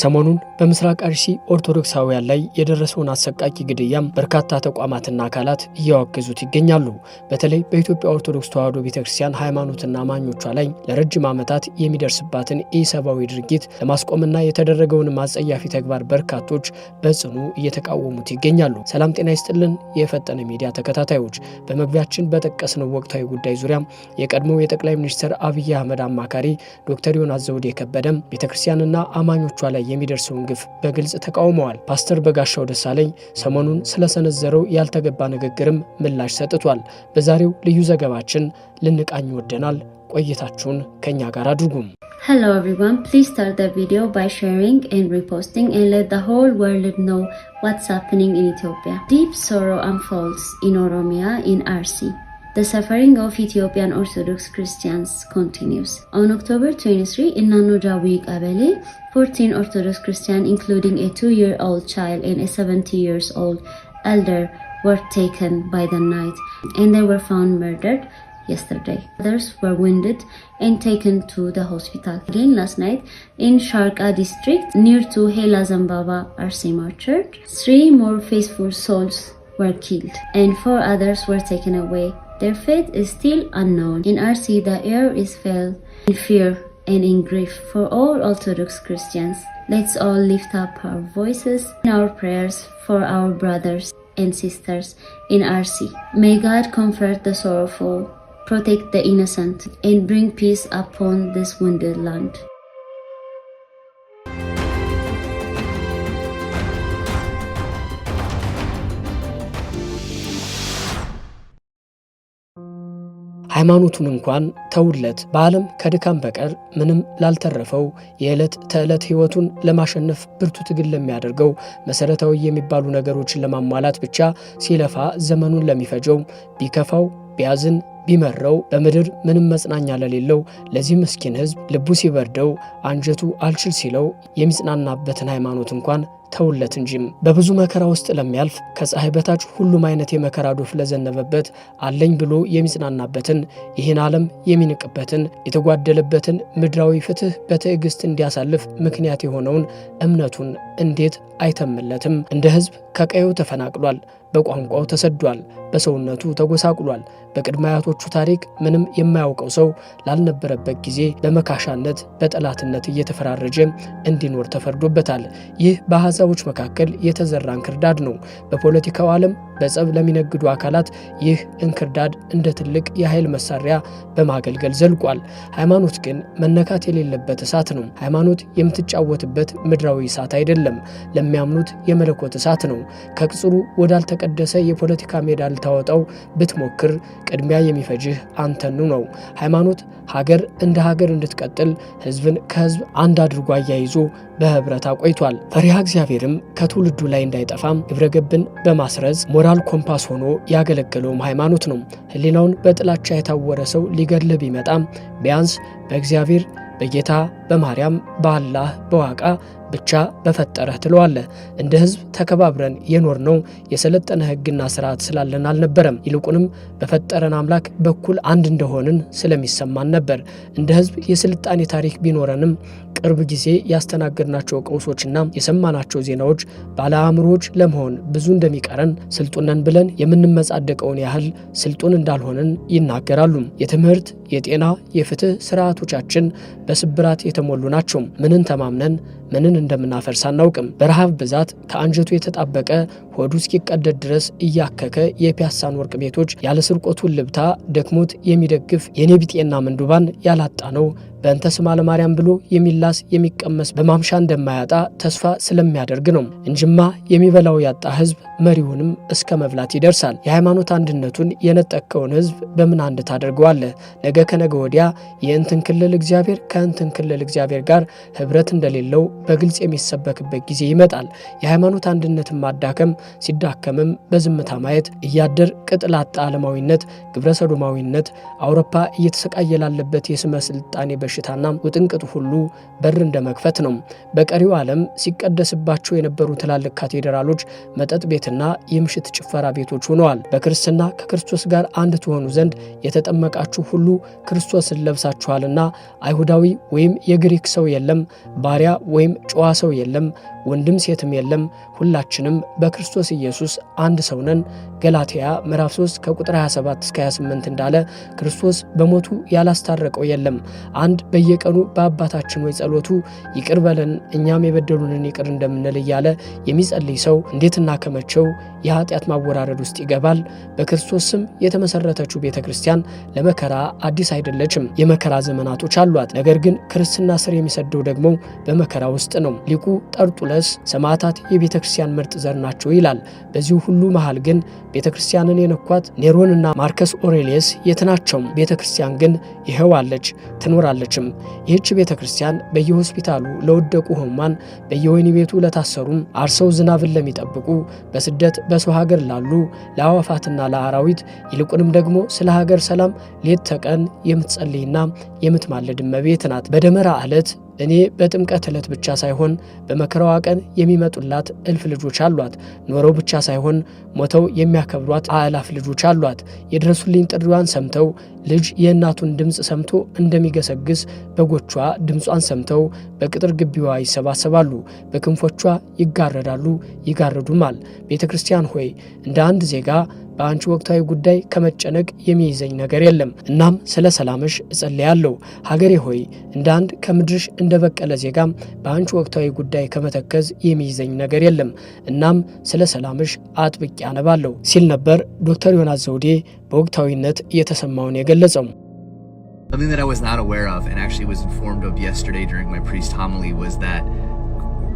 ሰሞኑን በምስራቅ አርሲ ኦርቶዶክሳውያን ላይ የደረሰውን አሰቃቂ ግድያም በርካታ ተቋማትና አካላት እያወገዙት ይገኛሉ። በተለይ በኢትዮጵያ ኦርቶዶክስ ተዋሕዶ ቤተክርስቲያን ሃይማኖትና አማኞቿ ላይ ለረጅም ዓመታት የሚደርስባትን ኢሰብአዊ ድርጊት ለማስቆምና የተደረገውን ማጸያፊ ተግባር በርካቶች በጽኑ እየተቃወሙት ይገኛሉ። ሰላም ጤና ይስጥልን የፈጠነ ሚዲያ ተከታታዮች፣ በመግቢያችን በጠቀስነው ወቅታዊ ጉዳይ ዙሪያ የቀድሞው የጠቅላይ ሚኒስትር አብይ አህመድ አማካሪ ዶክተር ዮናስ ዘውዴ ከበደም ቤተክርስቲያንና አማኞቿ ላይ የሚደርሰውን ግፍ በግልጽ ተቃውመዋል። ፓስተር በጋሻው ደሳለኝ ሰሞኑን ስለሰነዘረው ያልተገባ ንግግርም ምላሽ ሰጥቷል። በዛሬው ልዩ ዘገባችን ልንቃኝ ወደናል። ቆይታችሁን ከእኛ ጋር አድርጉም። Hello everyone. ፕሊዝ start the ቪዲዮ ባይ sharing and ሪፖስቲንግ and let the whole world ኖው what's happening ኢን Ethiopia. Deep sorrow unfolds in Oromia in RC. the suffering of Ethiopian Orthodox Christians continues. On October 23, in Nanujawi Abele, 14 Orthodox Christians, including a two-year-old child and a 70 years old elder, were taken by the night and they were found murdered yesterday. Others were wounded and taken to the hospital. Again last night in Sharka district near to Hela Zambaba Arsimar church, three more faithful souls were killed and four others were taken away their fate is still unknown. In RC, the air is filled in fear and in grief for all Orthodox Christians. Let's all lift up our voices in our prayers for our brothers and sisters in RC. May God comfort the sorrowful, protect the innocent, and bring peace upon this wounded land. ሃይማኖቱን እንኳን ተውለት። በዓለም ከድካም በቀር ምንም ላልተረፈው የዕለት ተዕለት ሕይወቱን ለማሸነፍ ብርቱ ትግል ለሚያደርገው መሰረታዊ የሚባሉ ነገሮችን ለማሟላት ብቻ ሲለፋ ዘመኑን ለሚፈጀው ቢከፋው ቢያዝን ቢመረው በምድር ምንም መጽናኛ ለሌለው ለዚህ ምስኪን ሕዝብ ልቡ ሲበርደው አንጀቱ አልችል ሲለው የሚጽናናበትን ሃይማኖት እንኳን ተውለት እንጂም በብዙ መከራ ውስጥ ለሚያልፍ ከፀሐይ በታች ሁሉም አይነት የመከራ ዶፍ ለዘነበበት አለኝ ብሎ የሚጽናናበትን ይህን ዓለም የሚንቅበትን የተጓደለበትን ምድራዊ ፍትህ በትዕግስት እንዲያሳልፍ ምክንያት የሆነውን እምነቱን እንዴት አይተምለትም? እንደ ህዝብ ከቀዩ ተፈናቅሏል። በቋንቋው ተሰዷል። በሰውነቱ ተጎሳቁሏል። በቅድመ የአርበኞቹ ታሪክ ምንም የማያውቀው ሰው ላልነበረበት ጊዜ በመካሻነት በጠላትነት እየተፈራረጀ እንዲኖር ተፈርዶበታል። ይህ በአሕዛቦች መካከል የተዘራ እንክርዳድ ነው። በፖለቲካው ዓለም በጸብ ለሚነግዱ አካላት ይህ እንክርዳድ እንደ ትልቅ የኃይል መሳሪያ በማገልገል ዘልቋል። ሃይማኖት ግን መነካት የሌለበት እሳት ነው። ሃይማኖት የምትጫወትበት ምድራዊ እሳት አይደለም፣ ለሚያምኑት የመለኮት እሳት ነው። ከቅጽሩ ወዳልተቀደሰ የፖለቲካ ሜዳ ልታወጣው ብትሞክር ቅድሚያ የሚፈጅህ አንተኑ ነው። ሃይማኖት ሀገር እንደ ሀገር እንድትቀጥል ህዝብን ከህዝብ አንድ አድርጎ አያይዞ በህብረት አቆይቷል። ፈሪሃ እግዚአብሔርም ከትውልዱ ላይ እንዳይጠፋም ግብረገብን በማስረዝ ሞራ ሞራል ኮምፓስ ሆኖ ያገለገለውም ሃይማኖት ነው። ህሊናውን በጥላቻ የታወረ ሰው ሊገድል ቢመጣም ቢያንስ በእግዚአብሔር በጌታ በማርያም በአላህ በዋቃ ብቻ በፈጠረህ ትለዋለህ። እንደ ህዝብ ተከባብረን የኖር ነው የሰለጠነ ህግና ስርዓት ስላለን አልነበረም። ይልቁንም በፈጠረን አምላክ በኩል አንድ እንደሆንን ስለሚሰማን ነበር። እንደ ህዝብ የስልጣኔ ታሪክ ቢኖረንም ቅርብ ጊዜ ያስተናገድናቸው ቀውሶችና የሰማናቸው ዜናዎች ባለአእምሮዎች ለመሆን ብዙ እንደሚቀረን ስልጡነን ብለን የምንመጻደቀውን ያህል ስልጡን እንዳልሆንን ይናገራሉ። የትምህርት የጤና የፍትህ ስርዓቶቻችን በስብራት የተሞሉ ናቸው። ምንን ተማምነን ምንን እንደምናፈርስ አናውቅም። በረሃብ ብዛት ከአንጀቱ የተጣበቀ ሆዱ እስኪቀደድ ድረስ እያከከ የፒያሳን ወርቅ ቤቶች ያለ ልብታ ደክሞት የሚደግፍ የኔቢጤና ምንዱባን ያላጣ ነው በእንተ ስማ ለማርያም ብሎ የሚላስ የሚቀመስ በማምሻ እንደማያጣ ተስፋ ስለሚያደርግ ነው። እንጅማ የሚበላው ያጣ ህዝብ መሪውንም እስከ መብላት ይደርሳል። የሃይማኖት አንድነቱን የነጠቀውን ህዝብ በምን አንድ ታደርገዋለህ? ነገ ከነገ ወዲያ የእንትን ክልል እግዚአብሔር ከእንትን ክልል እግዚአብሔር ጋር ህብረት እንደሌለው በግልጽ የሚሰበክበት ጊዜ ይመጣል። የሃይማኖት አንድነትን ማዳከም ሲዳከምም በዝምታ ማየት እያደር ቅጥላጣ ዓለማዊነት፣ ግብረ ሰዶማዊነት አውሮፓ እየተሰቃየ ላለበት የስመ ስልጣኔ በሽታና ውጥንቅጥ ሁሉ በር እንደ መክፈት ነው። በቀሪው ዓለም ሲቀደስባቸው የነበሩ ትላልቅ ካቴድራሎች መጠጥ ቤትና የምሽት ጭፈራ ቤቶች ሆነዋል። በክርስትና ከክርስቶስ ጋር አንድ ትሆኑ ዘንድ የተጠመቃችሁ ሁሉ ክርስቶስን ለብሳችኋልና አይሁዳዊ ወይም የግሪክ ሰው የለም፣ ባሪያ ወይም ጨዋ ሰው የለም ወንድም ሴትም የለም፣ ሁላችንም በክርስቶስ ኢየሱስ አንድ ሰው ነን። ገላትያ ምዕራፍ 3 ከቁጥር 27 እስከ 28 እንዳለ ክርስቶስ በሞቱ ያላስታረቀው የለም። አንድ በየቀኑ በአባታችን ወይ ጸሎቱ ይቅር በለን እኛም የበደሉንን ይቅር እንደምንል እያለ የሚጸልይ ሰው እንዴትና ከመቼው የኃጢአት ማወራረድ ውስጥ ይገባል። በክርስቶስ ስም የተመሰረተችው ቤተ ክርስቲያን ለመከራ አዲስ አይደለችም። የመከራ ዘመናቶች አሏት። ነገር ግን ክርስትና ስር የሚሰደው ደግሞ በመከራ ውስጥ ነው። ሊቁ ጠርጡለ ርዕስ ሰማዕታት የቤተ ክርስቲያን ምርጥ ዘር ናቸው ይላል። በዚሁ ሁሉ መሃል ግን ቤተ ክርስቲያንን የነኳት ኔሮንና ማርከስ ኦሬሊየስ የትናቸውም ቤተ ክርስቲያን ግን ይኸው አለች ትኖራለችም። ይህች ቤተ ክርስቲያን በየሆስፒታሉ ለወደቁ ሕሙማን፣ በየወይኒ ቤቱ ለታሰሩም፣ አርሰው ዝናብን ለሚጠብቁ፣ በስደት በሰው ሀገር ላሉ፣ ለአዋፋትና ለአራዊት ይልቁንም ደግሞ ስለ ሀገር ሰላም ሌት ተቀን የምትጸልይና የምትማልድ እመቤት ናት። በደመራ ዕለት እኔ በጥምቀት ዕለት ብቻ ሳይሆን በመከራዋ ቀን የሚመጡላት እልፍ ልጆች አሏት። ኖረው ብቻ ሳይሆን ሞተው የሚያከብሯት አእላፍ ልጆች አሏት። የድረሱልኝ ጥሪዋን ሰምተው ልጅ የእናቱን ድምፅ ሰምቶ እንደሚገሰግስ በጎቿ ድምጿን ሰምተው በቅጥር ግቢዋ ይሰባሰባሉ፣ በክንፎቿ ይጋረዳሉ፣ ይጋረዱማል። ቤተ ክርስቲያን ሆይ እንደ አንድ ዜጋ በአንቺ ወቅታዊ ጉዳይ ከመጨነቅ የሚይዘኝ ነገር የለም። እናም ስለ ሰላምሽ እጸልያለሁ። ሀገሬ ሆይ እንደ አንድ ከምድርሽ እንደ በቀለ ዜጋም በአንቺ ወቅታዊ ጉዳይ ከመተከዝ የሚይዘኝ ነገር የለም። እናም ስለ ሰላምሽ አጥብቄ አነባለሁ ሲል ነበር ዶክተር ዮናስ ዘውዴ በወቅታዊነት የተሰማውን የገለጸው። Something that I was not aware of and actually was informed of yesterday during my priest homily was that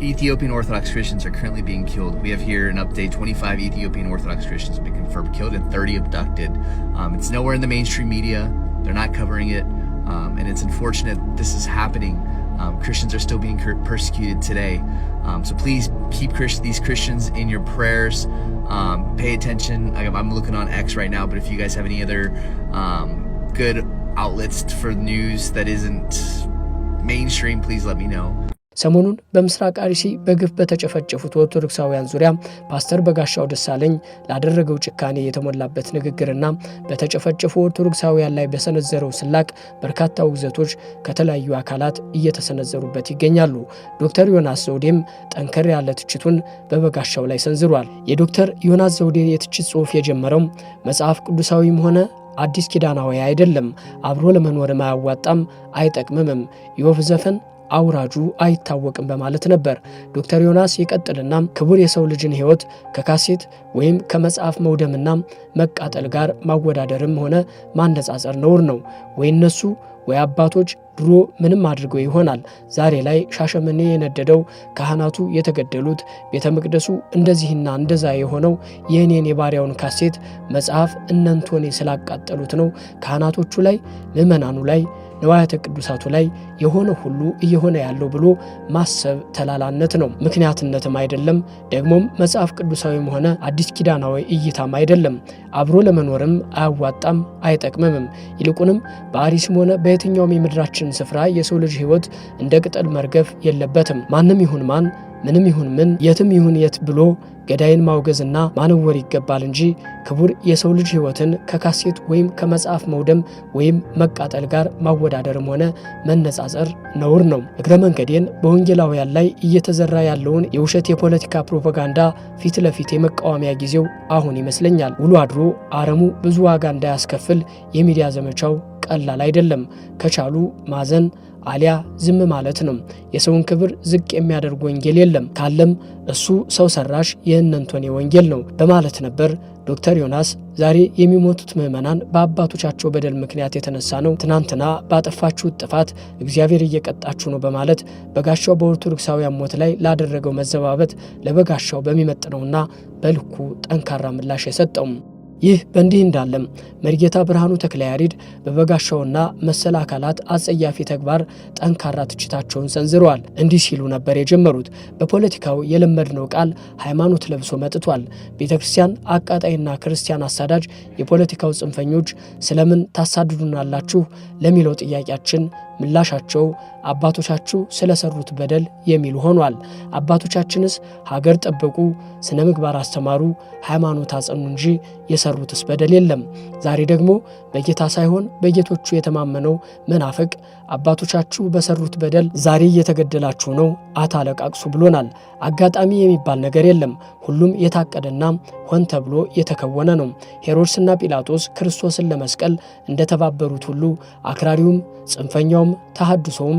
Ethiopian Orthodox Christians are currently being killed. We have here an update 25 Ethiopian Orthodox Christians have been confirmed killed and 30 abducted. Um, it's nowhere in the mainstream media, they're not covering it, um, and it's unfortunate this is happening. Um, Christians are still being persecuted today. Um, so please keep Christ these Christians in your prayers. Um, pay attention. I, am looking on X right now, but if you guys have any other um, good outlets for news that isn't mainstream, please let me know. ሰሞኑን በምስራቅ አርሲ በግፍ በተጨፈጨፉት ኦርቶዶክሳውያን ዙሪያ ፓስተር በጋሻው ደሳለኝ ላደረገው ጭካኔ የተሞላበት ንግግርና በተጨፈጨፉ ኦርቶዶክሳውያን ላይ በሰነዘረው ስላቅ በርካታ ውግዘቶች ከተለያዩ አካላት እየተሰነዘሩበት ይገኛሉ። ዶክተር ዮናስ ዘውዴም ጠንከር ያለ ትችቱን በበጋሻው ላይ ሰንዝሯል። የዶክተር ዮናስ ዘውዴ የትችት ጽሑፍ የጀመረው መጽሐፍ ቅዱሳዊም ሆነ አዲስ ኪዳናዊ አይደለም፣ አብሮ ለመኖርም አያዋጣም አይጠቅምምም፣ የወፍ ዘፈን አውራጁ አይታወቅም በማለት ነበር። ዶክተር ዮናስ ይቀጥልና ክቡር የሰው ልጅን ሕይወት ከካሴት ወይም ከመጽሐፍ መውደምና መቃጠል ጋር ማወዳደርም ሆነ ማነጻጸር ነውር ነው ወይ እነሱ ወይ አባቶች ድሮ ምንም አድርገው ይሆናል ዛሬ ላይ ሻሸመኔ የነደደው፣ ካህናቱ የተገደሉት፣ ቤተ መቅደሱ እንደዚህና እንደዛ የሆነው የእኔን የባሪያውን ካሴት መጽሐፍ እነንቶኔ ስላቃጠሉት ነው። ካህናቶቹ ላይ፣ ምዕመናኑ ላይ፣ ንዋያተ ቅዱሳቱ ላይ የሆነ ሁሉ እየሆነ ያለው ብሎ ማሰብ ተላላነት ነው፣ ምክንያትነትም አይደለም። ደግሞም መጽሐፍ ቅዱሳዊም ሆነ አዲስ ኪዳናዊ እይታም አይደለም። አብሮ ለመኖርም አያዋጣም፣ አይጠቅምምም። ይልቁንም በአሪስም ሆነ በየትኛውም የምድራችን በዓለማችን ስፍራ የሰው ልጅ ህይወት እንደ ቅጠል መርገፍ የለበትም። ማንም ይሁን ማን ምንም ይሁን ምን የትም ይሁን የት ብሎ ገዳይን ማውገዝና ማነወር ይገባል እንጂ ክቡር የሰው ልጅ ህይወትን ከካሴት ወይም ከመጽሐፍ መውደም ወይም መቃጠል ጋር ማወዳደርም ሆነ መነጻጸር ነውር ነው። እግረ መንገዴን በወንጌላውያን ላይ እየተዘራ ያለውን የውሸት የፖለቲካ ፕሮፓጋንዳ ፊት ለፊት የመቃወሚያ ጊዜው አሁን ይመስለኛል። ውሎ አድሮ አረሙ ብዙ ዋጋ እንዳያስከፍል የሚዲያ ዘመቻው ቀላል አይደለም። ከቻሉ ማዘን አሊያ ዝም ማለት ነው። የሰውን ክብር ዝቅ የሚያደርግ ወንጌል የለም፣ ካለም እሱ ሰው ሰራሽ የእነንቶኔ ወንጌል ነው በማለት ነበር ዶክተር ዮናስ። ዛሬ የሚሞቱት ምዕመናን በአባቶቻቸው በደል ምክንያት የተነሳ ነው፣ ትናንትና ባጠፋችሁት ጥፋት እግዚአብሔር እየቀጣችሁ ነው በማለት በጋሻው በኦርቶዶክሳውያን ሞት ላይ ላደረገው መዘባበት ለበጋሻው በሚመጥነውና በልኩ ጠንካራ ምላሽ የሰጠውም ይህ በእንዲህ እንዳለም መሪጌታ ብርሃኑ ተክለያሪድ በበጋሻውና መሰል አካላት አጸያፊ ተግባር ጠንካራ ትችታቸውን ሰንዝረዋል። እንዲህ ሲሉ ነበር የጀመሩት። በፖለቲካው የለመድነው ቃል ሃይማኖት ለብሶ መጥቷል። ቤተ ክርስቲያን አቃጣይና ክርስቲያን አሳዳጅ የፖለቲካው ጽንፈኞች ስለምን ታሳድዱናላችሁ ለሚለው ጥያቄያችን ምላሻቸው አባቶቻችሁ ስለሰሩት በደል የሚል ሆኗል። አባቶቻችንስ ሀገር ጠበቁ፣ ስነ ምግባር አስተማሩ፣ ሃይማኖት አጸኑ እንጂ የሰሩትስ በደል የለም። ዛሬ ደግሞ በጌታ ሳይሆን በጌቶቹ የተማመነው መናፍቅ አባቶቻችሁ በሰሩት በደል ዛሬ እየተገደላችሁ ነው አታለቃቅሱ ብሎናል። አጋጣሚ የሚባል ነገር የለም። ሁሉም የታቀደና ሆን ተብሎ የተከወነ ነው። ሄሮድስና ጲላጦስ ክርስቶስን ለመስቀል እንደተባበሩት ሁሉ አክራሪውም ጽንፈኛውም ተሐድሶውም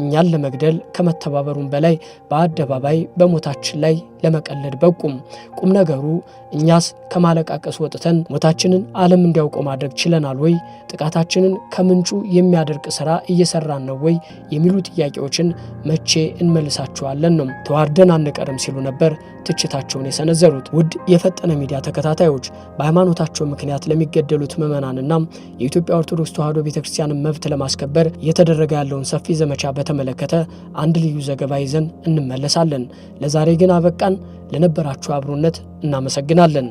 እኛን ለመግደል ከመተባበሩም በላይ በአደባባይ በሞታችን ላይ ለመቀለድ በቁም። ቁም ነገሩ እኛስ ከማለቃቀስ ወጥተን ሞታችንን ዓለም እንዲያውቀ ማድረግ ችለናል ወይ? ጥቃታችንን ከምንጩ የሚያደርቅ ስራ እየሰራን ነው ወይ? የሚሉ ጥያቄዎችን መቼ እንመልሳቸዋለን ነው ተዋርደን አንቀርም ሲሉ ነበር ትችታቸውን የሰነዘሩት። ውድ የፈጠነ ሚዲያ ተከታታዮች በሃይማኖታቸው ምክንያት ለሚገደሉት ምዕመናንና የኢትዮጵያ ኦርቶዶክስ ተዋሕዶ ቤተክርስቲያንን መብት ለማስከበር እየተደረገ ያለውን ሰፊ ዘመቻ በተመለከተ አንድ ልዩ ዘገባ ይዘን እንመለሳለን። ለዛሬ ግን አበቃን። ለነበራችሁ አብሮነት እናመሰግናለን።